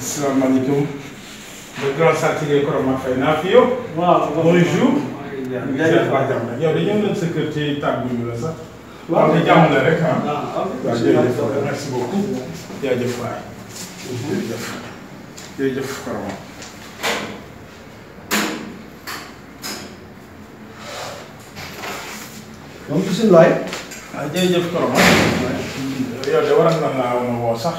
asalaamaaleykum. docteur Sathie Koroma fay naa fi yow. waaw bonjour. jaajëf wax jàmm rek yow dañu ñëw leen sa kër ci tàggu ñu la sax. waaw waaw la rek ah. waaw jërëjëf merci beaucoup. jaajëf waay. jërëjëf jërëjëf Koroma. donc bisimilah. waaw jërëjëf Koroma. yow de waroon na laa woon a woo sax.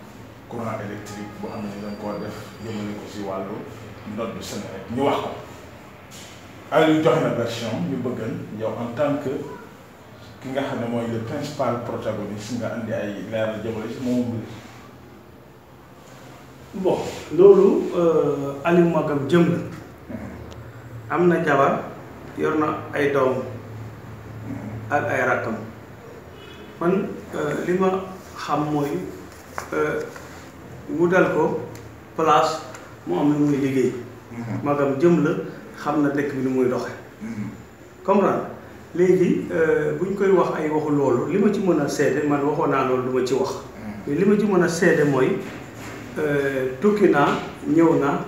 courant électrique bu xam dañ ko def yëmale ko ci walu note ndodd Senelec ñu wax ko Aliou joxe na version ñu bëggal yow en tant que ki nga xamné moy le principal protagoniste nga andi ay leeral jëmale ci moom mbir bon euh ali Magam jëm mm-hmm. na amna jabar yorna ay doom mm-hmm. ak ay rakam man euh lima xam mooy euh, mu dal ko place mu am lu muy liggéey mhm. magam jëm la xam na dëkk bi nu muy doxe mhm. comprendre léegi euh, buñ koy wax ay waxu loolu li ma ci mën a seede man waxoon naa loolu du ma ci wax mhm. mais li ma ci mën a seede mooy euh, tukki naa ñëw naa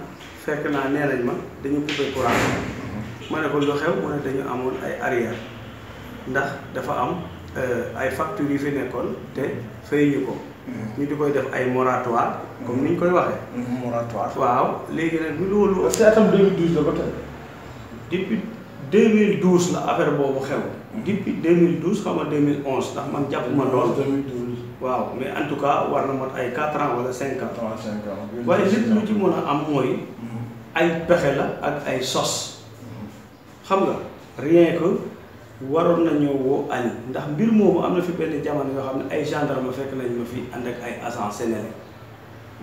fekk naa nee nañ ma dañu coupé courant ma ne ko lu xew mu ne dañu amoon ay arrière ndax dafa am euh, ay factures yu fi nekkoon te fayuñu ko ñu di koy def ay moratoire. comme ni ñu koy waxee. Mhm, moratoire waaw léegi nag bu loolu. parce que atam 2012 la ba tey. depuis 2012 la affaire boobu xew. depuis 2012 xaw ma 2011 ndax man jàpp ma lool. 2012 waaw mais en tout cas war na mat ay 4 ans wala 5 ans. 3 5 ans waaye lépp lu ci mën a am mooy. Mhm. ay pexe la ak ay sos. Mhm. xam nga rien que. waroon nañoo woo añ ndax mbir moomu am na fi benn jamono yoo xam ne ay gendarme fekk nañ ma fi ànd ak ay agent sénégalais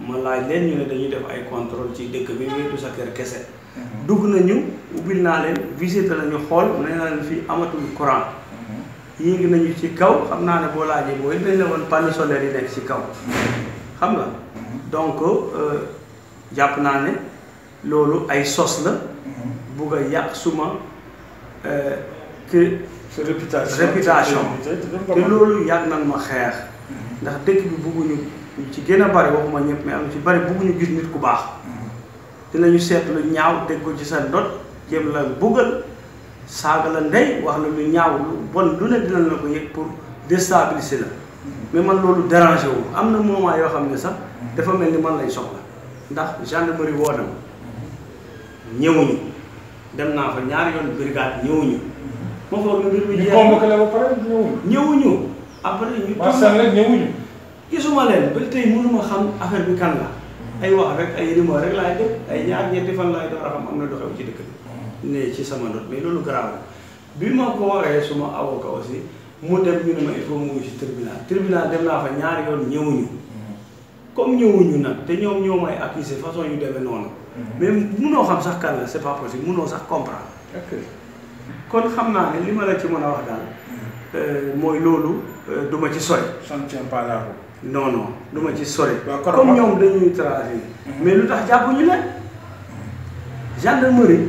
ma laaj leen ñu ne dañuy def ay contrôle ci dëkk bi mais sa kër kese. Mhm. dugg nañu ubbil naa leen visité lañu xool nee naa leen fii amatul courant. Mhm. yéeg nañu ci kaw xam naa ne boo laajee booy dañ la woon panneau solaire yi nekk ci kaw. Mhm. xam nga donc euh, jàpp naa ne loolu ay sos la. bugg a yàq suma. Euh, que sa réputation réputation te loolu yàgg nañ ma xeex mm-hmm. ndax dëkk bi bëgguñu ci gën a bari waxuma ñëpp ma am ci bari bëgguñu gis nit ku baax mm-hmm. dinañu seet lu ñaaw dégg ko ci sa ndot jéem la buggal saaga la ndey wax la lu ñaaw lu bon lu ne dinañ la ko yëg pour déstabiliser la mm-hmm. mais man loolu dérangé wu am na moment yoo xam ne sax dafa mel ni man lay soxla ndax gendarmerie woo na ma ñëwuñu dem naa fa ñaari yoon brigade ñëwuñu ma foog ne mbir mi. ñu convoqué la ba pare ñëwuñu. ñëwuñu après ñu. macha allah ñëwuñu. gisuma leen ba tey mënuma xam affaire bi kan la. Mm-hmm. ay wax rek ay rumeur rek laay def ay ñaar ñetti fan laay door a xam am na doxew ci dëkk bi. Mm-hmm. ne ci sama note mais loolu garaaw bi ma ko waxee suma avocat aussi mu dem ñu ne ma il faut mu ngi si tribunal tribunal dem naa fa ñaari yoon ñëwuñu. Mm-hmm. comme ñëwuñu nag te ñoom ñoo may accuser façon yu demee noonu. mais munoo xam sax kan la c'est pas possible munoo sax comprendre. kon xam naa ne li ma la ci mën a wax daal euh, mooy loolu euh, du ma ci sori. non non du ma ci sori. comme ñoom dañuy tracer. Mm-hmm. mais lu tax jàpp ñu leen gendarmerie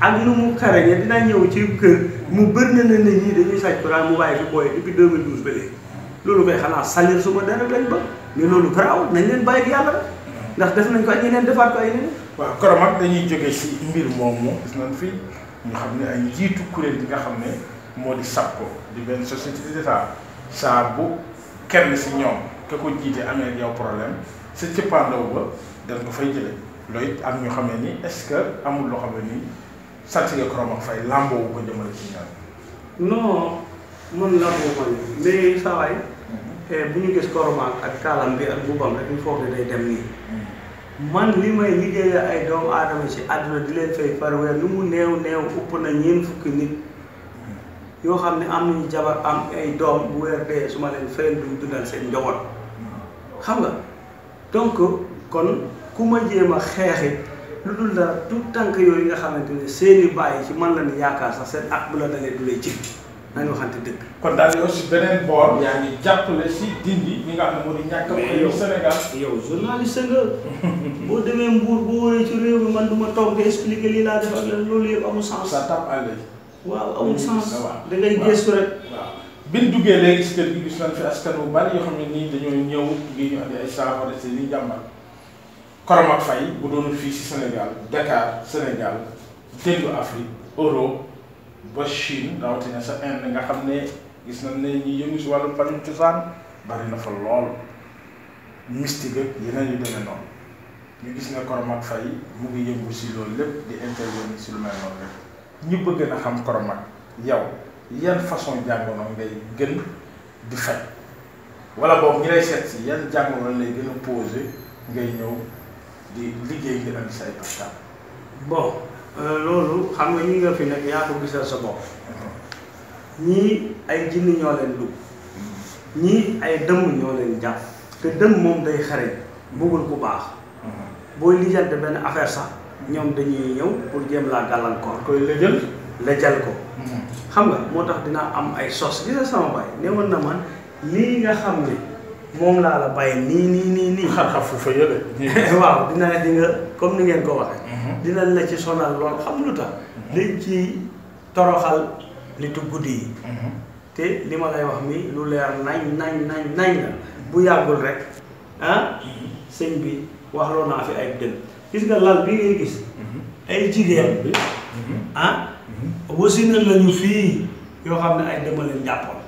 ak lu mu xarañee dina ñëw ci kër mu bëri na ne nit ñi dañuy sàcc daal mu bàyyi fi booy depuis 2012 ba léegi. loolu kay xanaa salir suma dara lañ ba mais loolu garaaw nañ leen bàyyi ak yàlla ndax def nañ ko ak yeneen defaat ko ak yeneen. waaw koroom ak dañuy jóge si mbir moomu gis nañ fi. ñu xam ne ay njiitu kuréel gi nga xam ne moo di SAPCO di benn société d'état saa bu kenn si ñoom ke ko jiite amee yow problème sa cëppaandaw ba dañ ko fay jële looy am ñu xam ni est-ce que amul loo xam ne ni saltige korom ak fay làmboo ko jëmale ci ñaar. non man làmboo ko mais saa waay. Mm-hmm. Eh, bu ñu gis koromaak ak kaalam bi ak bubam rek ñu foog ne day dem nii. Mm-hmm. man li may liggéeyee ay doom aadama ci àdduna di leen fay par weer lu mu neew néew ëpp na ñeent fukki nit yoo xam ne am nañu jabar am ay doom bu weer dee su ma leen fayal duñ dundal seen njaboot xam nga donc kon ku ma jéem a xeexi lu dul dara tout tànk yooyu nga xamante ne seeni bàyyi ci man la ni yaakaar sax seen at bu la dalee du lay ci nañu waxante dëgg. kon daal yow si beneen boor. yaa ngi jàppale si dindi ñi nga xam ne moo di ñàkk a yow Sénégal yow journaliste nga. boo demee Mbour boo wëree ci réew mi man du ma toog nga laa def la loolu yëpp amul sens. ça tape à l'œil. waaw amul sens da ngay gëstu rek. waaw duggee léegi si kër gi gis nañ fi askan wu bari yoo xam ne nii dañoo ñëw ngir ñu andi ay saafara si li jàmmal. Koromak Faye bu doon fii si Sénégal Dakar Sénégal ba Chine rawatina sa Inde nga xam ne gis na ne ñi yëngu si wàllu fajum cosaan bari na fa lool mystique ak yeneen yu demee noonu ñu gis ne Koromack Faye mu ngi yëngu si loolu lépp di intervenir si lu mel noonu rek ñu bëgg na xam koromat yow yan façon jàngoro ngay gën di faj wala boobu ñi lay seet si yan jàngoro lay gën a posé ngay ñëw di liggéey ngir am say pastaan bon Euh, loolu xam nga ñi nga fi nekk yaa ko gisal sa bopp ñii ay jinni ñoo leen dugg ñii ay dëmm ñoo leen jàpp te dëmm moom day xareñ bëggul ku baax booy lijjante benn affaire sax ñoom dañuy ñëw pour jéem laa gàllankoor koy lëjal lëjal ko hmm. xam nga moo tax dina am ay sos gisa sama baay ne na man lii nga xam ne moom laa la bàyyi nii nii nii nii. xar-xar fu fa yële. waaw dina di comme ni ngeen ko waxee. Mhm. dina la ci sonal lool xam lu tax. Mhm. dañ ci toroxal li tu guddi yi. Mhm. te li ma lay wax mi lu leer nañ nañ nañ nañ bu yàggul rek ah sëñ bi waxloo naa fi ay dënn gis nga lal bi ngay gis. ay jigéen bi ah wasinal lañu fii yoo xam ne ay dëmm leen jàppoon.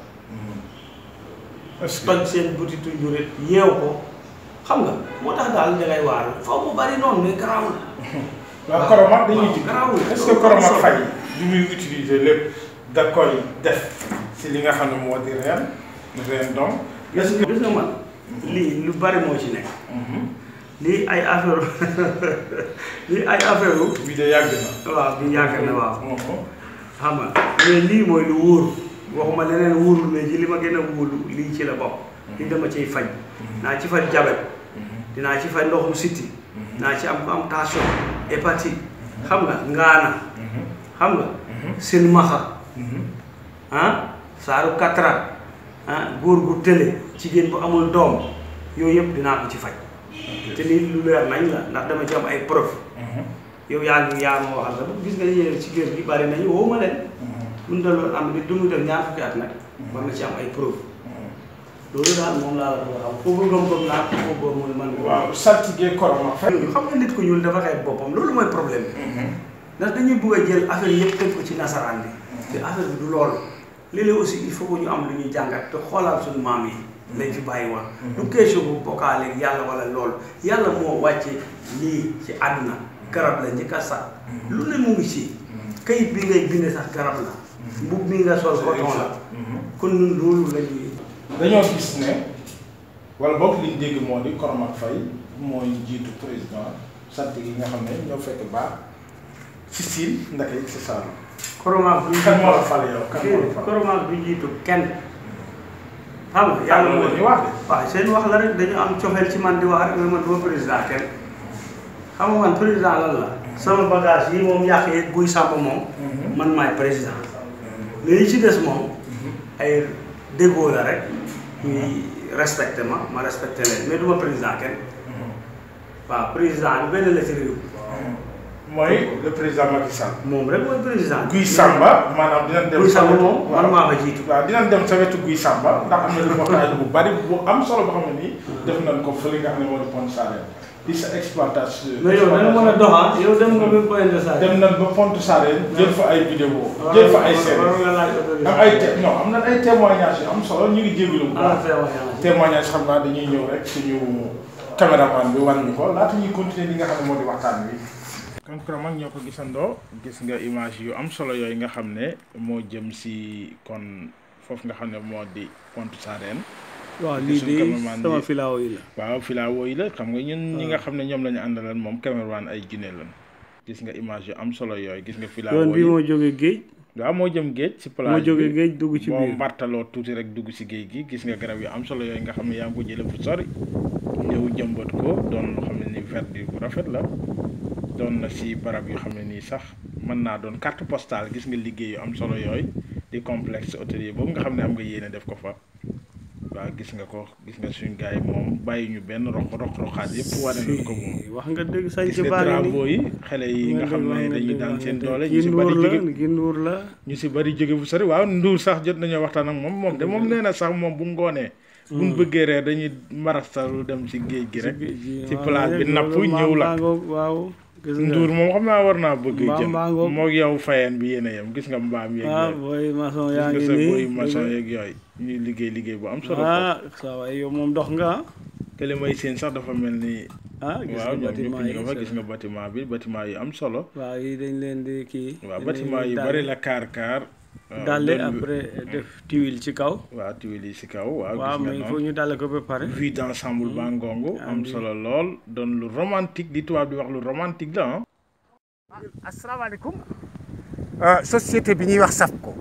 toj seen butitu njurit yeew ko xam nga moo tax daal da ngay waar faw mu bari noonu mais garaawul. waaw koromaat dañuy jug garaawul est-ce que koromaat fay du muy utiliser lépp da koy def si li nga xam ne moo di reen reen donc. est-ce que lii lu bari moo ci nekk. Mhm. lii ay affaire lii ay affaire yu. bii yàgg na. waaw bii yàgg na waaw. Mhm. xam nga mais lii mooy lu wóor. waxuma leneen wóorul mais ci li ma gën a wóolu lii ci la bokk. li dama ciy faj. naa ci faj jabet. dinaa ci faj ndoxum siti naa ci am ko am tension hépatite. xam nga ngaana. xam nga. silmaxa. ah saaru katra ah góor gu tële jigéen bu amul doom yooyu yëpp dinaa ko ci faj. te lii lu leer nañ la ndax dama ci am ay preuve. Mhm. yow yaa ngi yaa ma waxal la gis nga yéen ci kër gi bari nañu woo ma leen. buñ delloo am nit du mu def ñaar fukki at nag mm-hmm. war na ci am ay preuve loolu daal moom laa la wax foofu gëm-gëm laa foofu boobu xam nga nit ku ñuul dafa xeeb boppam loolu mooy problème bi mm-hmm. ndax dañuy bëgg a jël yëpp teg ko ci nasaraan bi mm-hmm. affaire bi du loolu léeg aussi il faut ñu am lu ñuy jàngat te xoolaal suñu maam yi lañ bàyyi woon du question bu bokkaale yàlla wala lool yàlla moo wàcce lii ci àdduna garab la njëkk a sax lu ne mu ngi ci kayit bi ngay bind sax garab la Mhm. mbubb mi nga sol coton la mhm. kon ñun loolu la ñuy dañoo gis ne wala bokk liñ dégg moo di Koromack Faye mooy jiitu président sant yi nga xam ne ñoo fekk baax si siin ndaka yëg si saalu Koromack jiitu kenn xam nga yàlla moo ñu wax de waaw seen wax la rek dañu am cofeel ci man di wax rek mais duma président kenn xam nga président lan la mhm. sama bagage yi moom yàq guy sàmp moom man maay président mais yi ci des moom mhm. ay déggoo la rek ñuy respecté ma ma respecté leen mais du ma président kenn mhm. waaw président bi benn la ci réew mhm. mooy le président Macky Sall. moom rek mooy président. Guy Samba maanaam dinañ dem. Guy Samba moom man maa fa jiitu. waaw dinañ dem sa wetu Guy Samba ndax am na reportage bu bari bu am solo boo xam ne nii. def nañ ko fële nga xam ne mooy Pointe Sarène. di sa exploitation. mais yow da nga mën a dem nga ba point de ah. jël fa ay vidéo jël fa ay ah, seede am ay te non am nañ ay témoignages yu am solo ñu ngi jégalu bu ah, xam naa dañuy ñëw rek suñu caméraman bi wan ñu ko laata ñuy continuer li nga xam ne moo di waxtaan bi Konkora mag ñoo ko gisandoo gis nga image yu am solo yooyu nga xam ne moo jëm si kon foofu nga xam ne moo di Pointe Sarene. waaw lii de sama filaawo yi la. waaw filaawo yi la xam nga ñun ñi nga ah. xam ne ñoom lañu ñu àndaloon moom Cameroun ay Guinée lan gis nga image yu am solo yooyu gis nga. filaawo yi bi moo jógee géej. waaw moo jëm géej ci plage moo jógee ci biir boo mbartaloo tuuti rek dugg ci géej gi gis nga garab yu am solo yooyu nga xam ne yaa ngi ko jëlee fu sori ñëw jëmbat ko doon loo xam ne nii verdure bu rafet la doon na ci barab yu xam ne nii sax mën naa doon carte postale gis nga liggéey yu am solo yooyu di complexe hôtelier boobu nga xam ne am nga yéene def ko fa waa gis nga ko gis nga suñ gars yi moom bàyyi ñu benn roq roq roqaat yëpp wane nañ ko moom wax nga dëgg sañ ci bari travaux yi xale yi nga xam ne dañuy daan seen doole ñu si bari jóge gi nduur la ñu si bari jóge bu sori waaw nduur sax jot nañoo waxtaan ak moom moom de moom nee na sax moom bu ngoonee bu ñu hmm. bëggee reer dañuy marastalu dem ci géej gi rek ci place bi napp ñëw la waaw gis nga Ndour moom xam naa war naa bëgg. mbaam moo yow fayeen bi yéen a gis nga mbaam yeeg ah, yooyu. ah booy maçon yaa ngi nii ñuy liggéey liggéey bu am solo. ah saa waay moom dox nga ah. yi may seen sax dafa mel ni. ah gis nga bâtiment yi waaw gis nga bâtiment bi batiment yu am solo. waaw yi dañ leen di kii. waaw bâtiment yu bari la kaar kaar. dalle après def tiwil ci kaw waaw tuile yi ci kaw waaw waaw mais il faut ñu dalle ko préparer pare vue d'ensemble hmm. baa ngongu am solo lol doon lu romantique di tubaab di wax lu romantique la ah euh société bi ñi wax SAFCO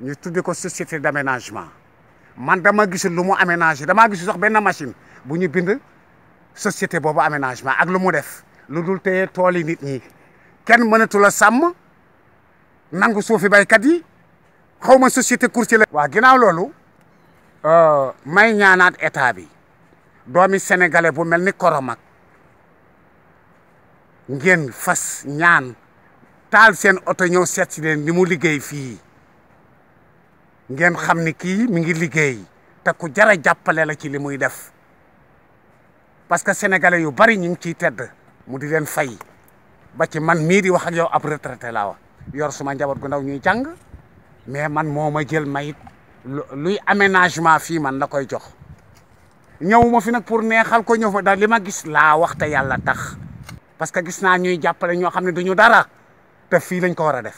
ñu tudde ko société d'aménagement man dama gisul lu mu aménager dama gisul sax ben machine bu ñu bind société bobu aménagement ak lu mu def lu dul téye toli nit ñi kenn mënatu la sam nangu sofi baykat yi xaw ma société courtier la. waaw ginnaaw loolu euh, may ñaanaat état bi doomi sénégalais bu mel Koromak ngeen fas ñaan taal sen oto ñëw seet si leen ni mu liggéey fi ngeen xam ni kii mi ngi liggéey te ku jar a la ci def parce que sénégalais yu bari ñu ngi ciy tedd mu di fay ba ci man miri di wax ak yow ab retraité laa yor suma njaboot gu ndaw ñuy mais man moo ma jël mayit luy aménagement fii man la koy jox ñëwuma ma fi nag pour neexal ko ñëw fa daal li ma gis laa waxta yàlla tax parce que gis naa ñuy jàppale ñoo xam ne duñu dara te fii lañ ko war a def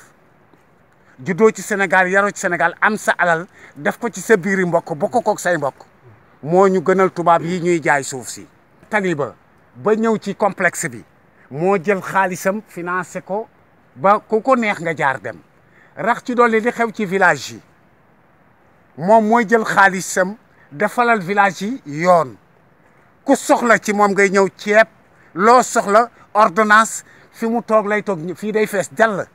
juddoo ci Sénégal yaroo ci Sénégal am sa alal def ko ci sa biir i mbokk bokk kook say mbokk moo ñu gënal tubaab yi ñuy jaay suuf si taliba ba ñëw ci complexe bi moo jël xaalisam financé ko ba ku ko neex nga jaar dem rax ci dolli li xew ci village yi moom mooy jël xaalisam defalal village yi yoon ku soxla ci moom ngay ñëw ceeb loo soxla ordonnance fi mu toog lay toog fii day fees jàll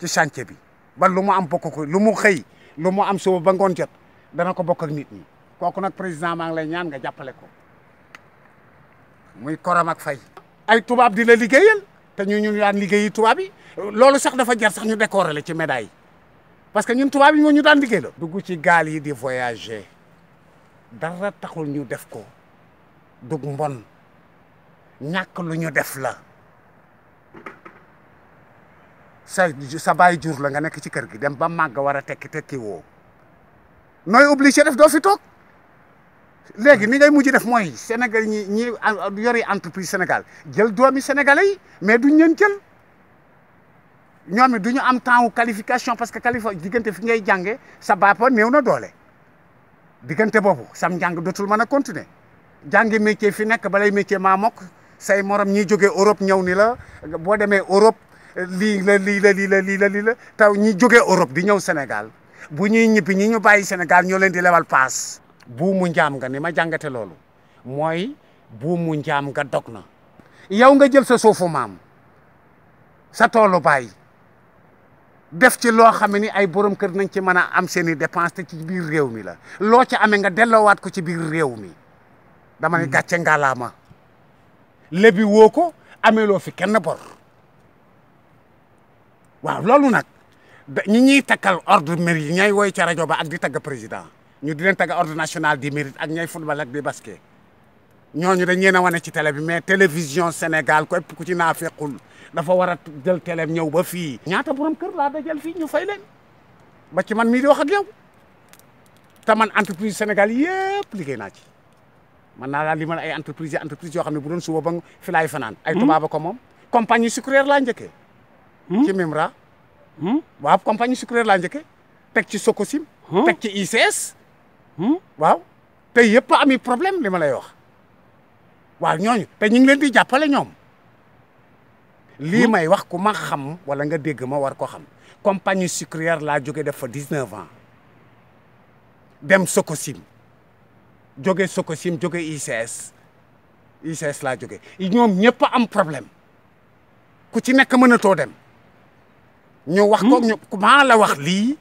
ci chantier bi ba lu mu am bokk ko lu mu xëy lu mu am suba ba ngoon jot dana ko bokk nit ñi kooku nag président maa ngi lay ñaan nga jàppale ko muy koram fay ay tubaab di la liggéeyal te ñu ñu daan liggéey tubaab yi loolu sax dafa jar sax ñu décorer la ci médaille parce que ñun tubaab yi moo ñu daan liggéey la duggu ci gaal yi di voyager dara taxul ñu def ko dug mbon ñàkk lu ñu def la sa sa baay jur la nga nekk ci kër gi dem ba màgg war a tekki tekki woo nooy obligé def doo fi toog léegi ni ngay mujj def mooy Sénégal ñi ñi yori entreprise Sénégal jël doomi sénégalais yi mais duñ leen jël ñoom it du ñu am temps wu qualification parce que qualifi diggante fi ngay jànge sa bappa néew na doole diggante boobu sam njàng dootul ma a continuer jàngi métier fi nekk balay métier maa mokk say morom ñi jógee Europe ñëw ni la boo demee Europe lii la lii la lii la lii la lii la taw ñi jógee Europe di ñëw Sénégal bu ñuy ñibbi ñi ñu bàyyi Sénégal ñoo leen di lewal paas buumu njam nga ni ma jàngate moy, bu buumu njam nga dogna na yow nga jël sa sofu mam sa toolu bay def ci lo xamni ni ay borom keur nañ ci mën am seen dépenses te ci biir réew mi la lo ci amé nga wat ko ci biir réew mi dama ni hmm. gatché ngalama lebi woko amé lo fi kenn bor waaw lolou nak, ñi ñi takal ordre mairie ñay woy ci radio ba ak di tag président ñu di leen tagg ordre national du mérite ak ñay football ak di basket ñooñu dañ leen a wane ci télé bi mais télévision Sénégal képp ku ci naa fekkul dafa war a jël télé ñëw ba fii. ñaata borom kër laa dajal fii ñu fay leen ba ci man mii di wax ak man entreprise Sénégal yëpp liggéey naa ci man naa daal li man ay entreprise yi entreprise yoo xam ne bu doon suba ba fi laay fanaan. ay hmm? tubaab ko moom. compagnie sucrière laa njëkkee. Hmm? ci Mimra. Hmm? waaw compagnie sucrière laa njëkkee. teg ci Socosim. teg ci Hmm? waaw te pa ami problème li ma lay wax waaw ñooñu te ñu ngi leen di jàppale ñoom li hmm? may wax ku ma xam wala nga dégg ma war ko xam compagnie sucrière la jóge def fa 19 ans dem sokosim jóge Sococim jóge ICS ICS laa jóge ñoom ñëpp am problème ku ci nekk to dem ñu wax ko hmm? ñu maa la wax li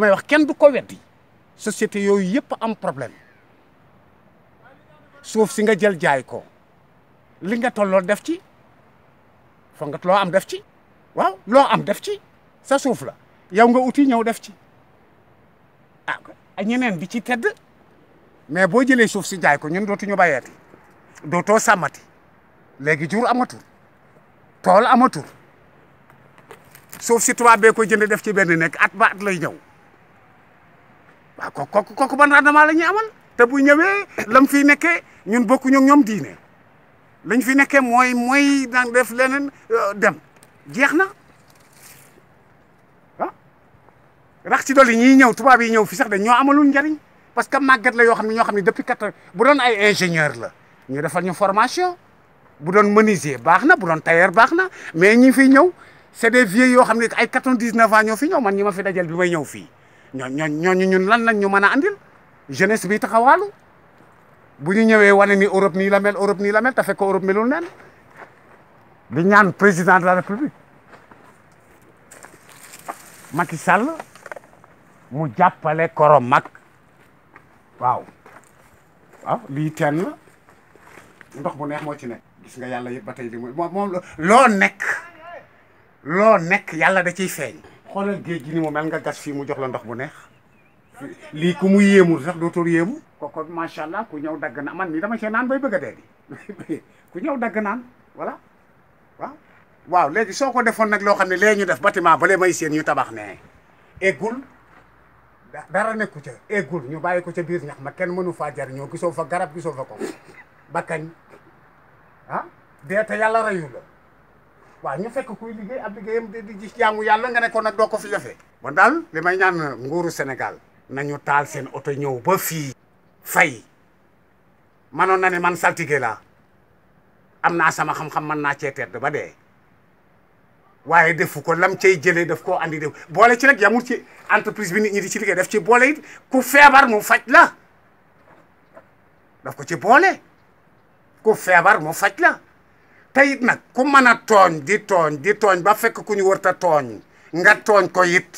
may wax kenn du ko weddi société yooyu yëpp am problème suuf si nga jël jaay ko li nga tolloo def ci foog loo am def ci waaw loo am def ci sa suuf la yow nga uti ñëw def ci ah ñeneen bi ci tedd mais boo jëlee suuf si jaay ko ñun dootuñu bàyyeeti dootoo sàmmati léegi jur amatul tool amatul suuf si tubaab bee ko jënd def ci benn nekk at ba at lay ñëw. waaw ah, ko kooku ban rendement la amal te bu ñëwee lam fiy ñun diine lañ fi nekkee mooy mooy def euh, dem jeex ah rax ci dolli ñiy ñëw tubaab yi ñëw fi sax dañ ñoo amalul njariñ parce que màggat la yoo xam ñoo xam depuis quatre bu doon ay ingénieur la ñu defal ñu formation bu doon menuisier baax bu doon tailleur mais ñi ñëw c'est des vieux ay ans ñoo fi ñëw man ñi fi dajal bi may ñëw ñooñu ñooñu ñun lan lañ ñu mën a andil jeunesse bi taxawaalu bu ñu ñëwee wane ni Europe nii la mel Europe nii la mel te fekk Europe melul neen di ñaan président de la république Macky Sall mu jàppale korom mag waaw waaw lii teen ndox bu neex moo ci nekk gis nga yàlla yëpp ba li mu moom loo nekk loo nekk da ciy feeñ xoolal géej gi ni mu mel nga gas fii mu jox la ndox bu neex lii ku mu yéemul sax dootul yéemu kooku macha allah ku ñëw dagg naan man mii dama cee naan bay bëgg a dee di ku ñëw dagg naan voilà waaw léegi soo ko defoon nag loo xam ne lee ñu def bâtiment ba lee may seen ñu tabax ne eggul dara nekku ca eggul ñu bàyyi ko ca biir ñax ma kenn mënu faa jariñoo gisoo fa garab gisoo fa ko ba kañ ah dee te yàlla rayu la waaw ñu fekk kuy liggéey ab liggéeyam di gis jaamu yàlla nga ne ko nag doo ko fi defee. bon daal li may ñaan nguuru Sénégal nañu taal seen oto ñëw ba fii fay manoon na ne man saltige laa am naa sama xam-xam mën naa cee tedd ba dee waaye defu ko lam cay jëlee daf koo andi def boole ci nag yamul ci entreprise bi nit ñi di ci liggéey daf ci boole it ku feebar mu faj la daf ko ci boole ku feebar mu faj la. tey it nag ku mën a tooñ di tooñ di tooñ ba fekk ku ñu wërta tooñ nga tooñ ko it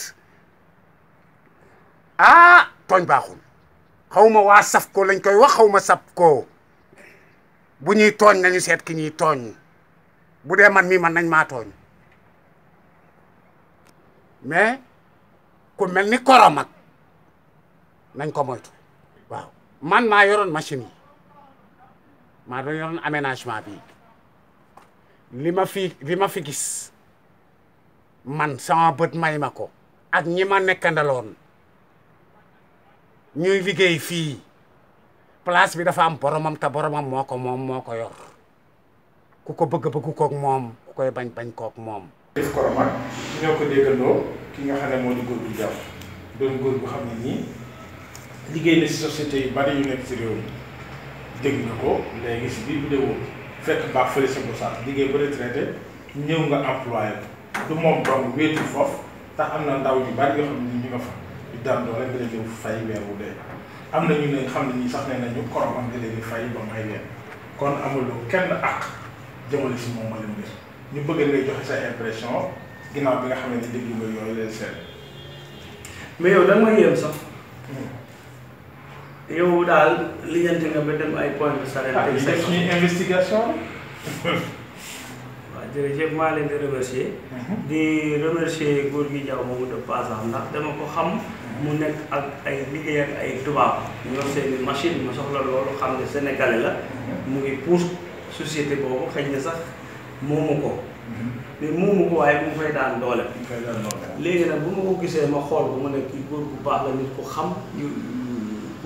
ah tooñ baaxul xawma waa saf ko lañ koy wax xawma saf ko bu ñuy tooñ nañu seet ki ñuy tooñ bu dee man mii man nañ maa tooñ mais ku mel ni koro mag nañ ko moytu waaw man maa yoroon machine yi maa doon yoroon aménagement bi li ma fi li ma fi gis man sama bët may ma ko ak ñi ma nekkandaloon ñuy liggéey fii place bi dafa am boromam te boromam moo ko moom moo ko yor ku ko bëgg bëggu kook moom ku koy bañ bañ kook moom. def Koromack ñoo ko déggandoo ki nga xam ne moo di góor bu jàpp doon góor bu xam ne nii liggéey na si bari yu nekk si réew mi na ko léegi si biir vidéo bi. fekk baax fële sa bosaat liggéey ba retraité ñëw nga employé du moom dong wéetu foofu tax am na ndaw yu bari yoo xam ne ñu nga fa yu daan doole nga leen fay weer wu dee am na ñu ne xam ne ñi sax ne ñu korom am nga leen fay ba may weer kon amuloo kenn àq jëmale si moom malim mbir ñu bëgg ngay joxe sa impression ginnaaw bi nga xam ne dégg nga yooyu leen seet mais yow da nga sax hmm. Jo, det er litt med dem i point så det er ikke en investigation. jere jëf ma leen di remercier di remercier góor gi Diaw moomu de passage ndax dama ko xam mu nekk ak ay liggéey ak ay tubaab ñoo seeni machine ma soxla loolu xam ne sénégalais la mu ngi pousse société boobu xëy na sax moomu ko mais moomu ko waaye bu mu fay daan doole léegi nag bu ma ko gisee ma xool bu ma nekk kii góor bu baax la nit ko xam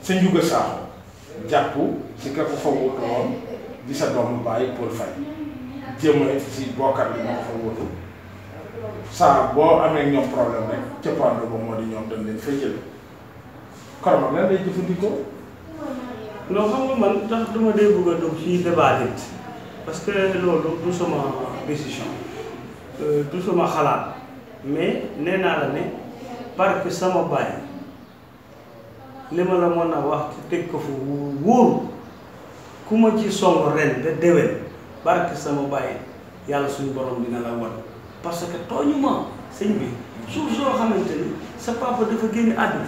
sa njuga saaxo jàpp ka ko fa wóotu di sa doom bàyyi Paul Faye jëmale si bokkar bi moo ko fa wóotu saa boo amee ñoom problème rek cëppaando ba moo di ñoom dañ leen fay jël koromam lan lay jëfandikoo non xam nga man tax duma dee bëgg a dugg ci débat nit parce que loolu du sama décision euh, du sama xalaat mais nee naa la ne parce que sama bàyyi lima la mën a wax ci tek ko fu wóor kuma ci song ren ba déwén barke sama baye yalla suñu borom dina la wan parce que tooñu ma sëñ bi su so xamanteni sa papa dafa genn addu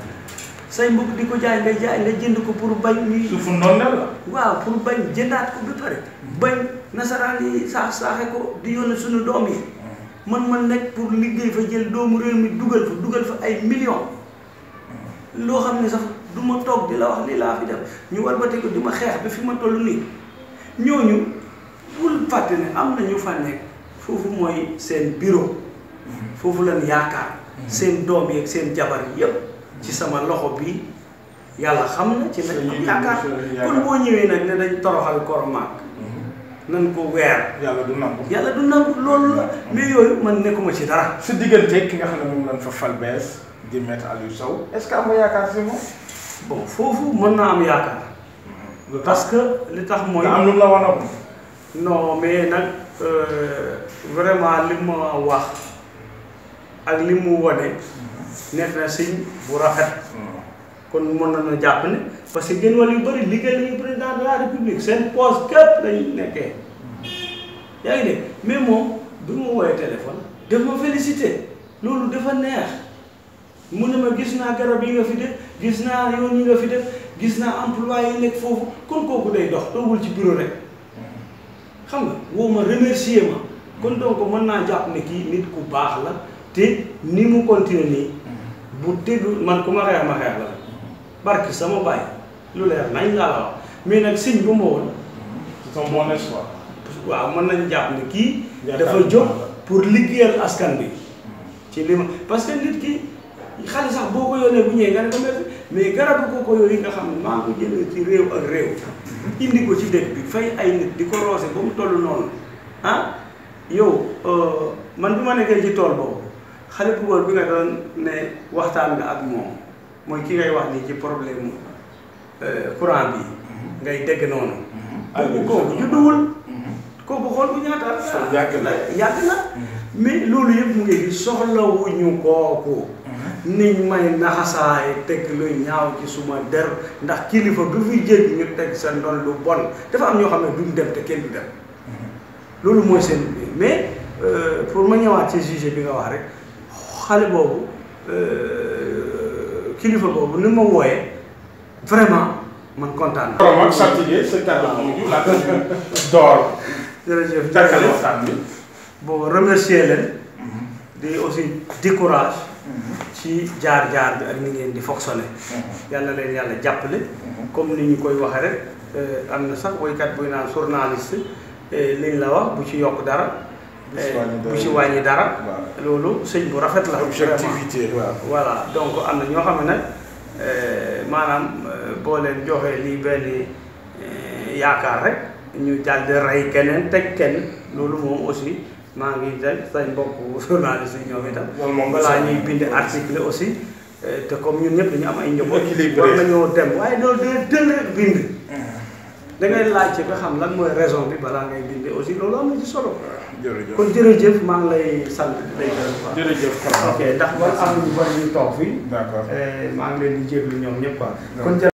say mbok diko jaay ngay jaay nga jënd ko pour bañ su fu non la waaw pour bañ jëndat ko bi pare bañ nasaral yi saax saaxe ko di yone suñu doom yi man man nek pour liggéey fa jël doomu réew mi duggal fa duggal fa ay millions lo xamni sax duma tok di la wax li laa fi def ñu walbatiku ko duma xex bi fi ma tollu ni ñoñu bul fatte ne am nañu ñu fa nekk foofu mooy seen bureau foofu lan sen dom yi ak sen jabar yeb ci sama loxo bi yalla xamna ci nañ ñu yaakaar kon bo ñewé nak ne dañ toroxal korma nan ko wer yalla du nangu yalla du nangu loolu la mais yoy man nekkuma ci dara su ki nga xamne lan fa fal bes di mettre Aliou saw est ce que am yaaka ci bon foofu mën naa am yaakaar. parce que li tax mooy. am lu la war a non mais nag vraiment li ma wax ak li mu wane nekk na signe bu rafet. kon mën nañoo jàpp ne parce que gën wàll yu bëri liggéey nañu président de la république seen poste képp lañu nekkee yaa ngi dégg mais moom bi ma woowee téléphone daf ma félicité loolu dafa neex. mu ne ma gis naa garab yi nga gis naa yoon yi nga fi def gis naa emploi yi nekk foofu kon kooku day dox toogul ci bureau rek xam nga woo ma remercier ma kon donc mën naa jàpp ne kii nit ku baax la te ni mu continuer nii bu déglu man ko ma xeex ma xeex la barki sama bàyyi lu leer nañ laa la wax mais nag signe bu ma woon. c'est un bon espoir. waaw mën nañ jàpp ne kii. dafa jóg pour liggéeyal askan bi. Mm. ci li ma parce nit ki. xaalis sax boo ko yónnee bu ñëwee nga ne ko merci mais garabu kooku yooyu nga xam ne maa ngi ko jëlee ci réew ak réew indi ko ci dëkk bi fay ay nit di ko roose ba mu toll noonu ah yow euh, man bi ma nekkee ci tool boobu xale bu góor bi nga doon ne waxtaan nga ak mo mooy ki ngay wax nii ci problème mu euh, courant bi ngay dégg noonu. Mhm. kooku mhm. kooku judduwul. Mhm. kooku xool bu ñaata. yàgg na yàgg na mais loolu yëpp mu ngi soxlawuñu kooku. niñ may naxasaay teg lu ñaaw ci suma der ndax kilifa bi fi jéggi ñu teg sa ndon lu bon dafa am ñoo xam ne duñ dem te kenn du dem mm-hmm. loolu mooy seen bi mais euh, pour ma ñëwaat ci jugé bi nga wax rek xale boobu euh, kilifa boobu ni ma wooyee vraiment man kontaan naa. borom ak saltige sa kàddu mujj laa ko door. jërëjëf jàkkale bi. bon remercier leen. Mm-hmm. di aussi décourage. Mm-hmm. ci jaar-jaar bi ak ni ngeen di fonctionner mhm. yàlla leen yàlla jàppale mhm. comme ni ñu koy waxee rek eh, am na sax woykat buy naan journaliste eh, liñ la wax bu ci yokk dara bu ci wàññi eh, dara loolu sëñ bu rafet la objectivité waaw voilà donc am na ñoo xam ne nag maanaam boo leen joxee lii benn yaakaar rek ñu jàll di rey keneen teg kenn loolu moom aussi maa ngi dañ sañ mbokk journaliste yi ñoom itam. moom balaa ñuy bind article aussi. te comme ñun ñëpp dañu am ay njaboot. war nañoo dem waaye loolu day dëll rek bind. da ngay laajte ba xam lan mooy raison bi balaa ngay bind aussi loolu am na ci solo. jërëjëf kon jërëjëf maa ngi lay sant. jërëjëf ok ndax war am ñu bari ñu toog fii. maa ngi leen di jéglu ñoom ñëpp quoi.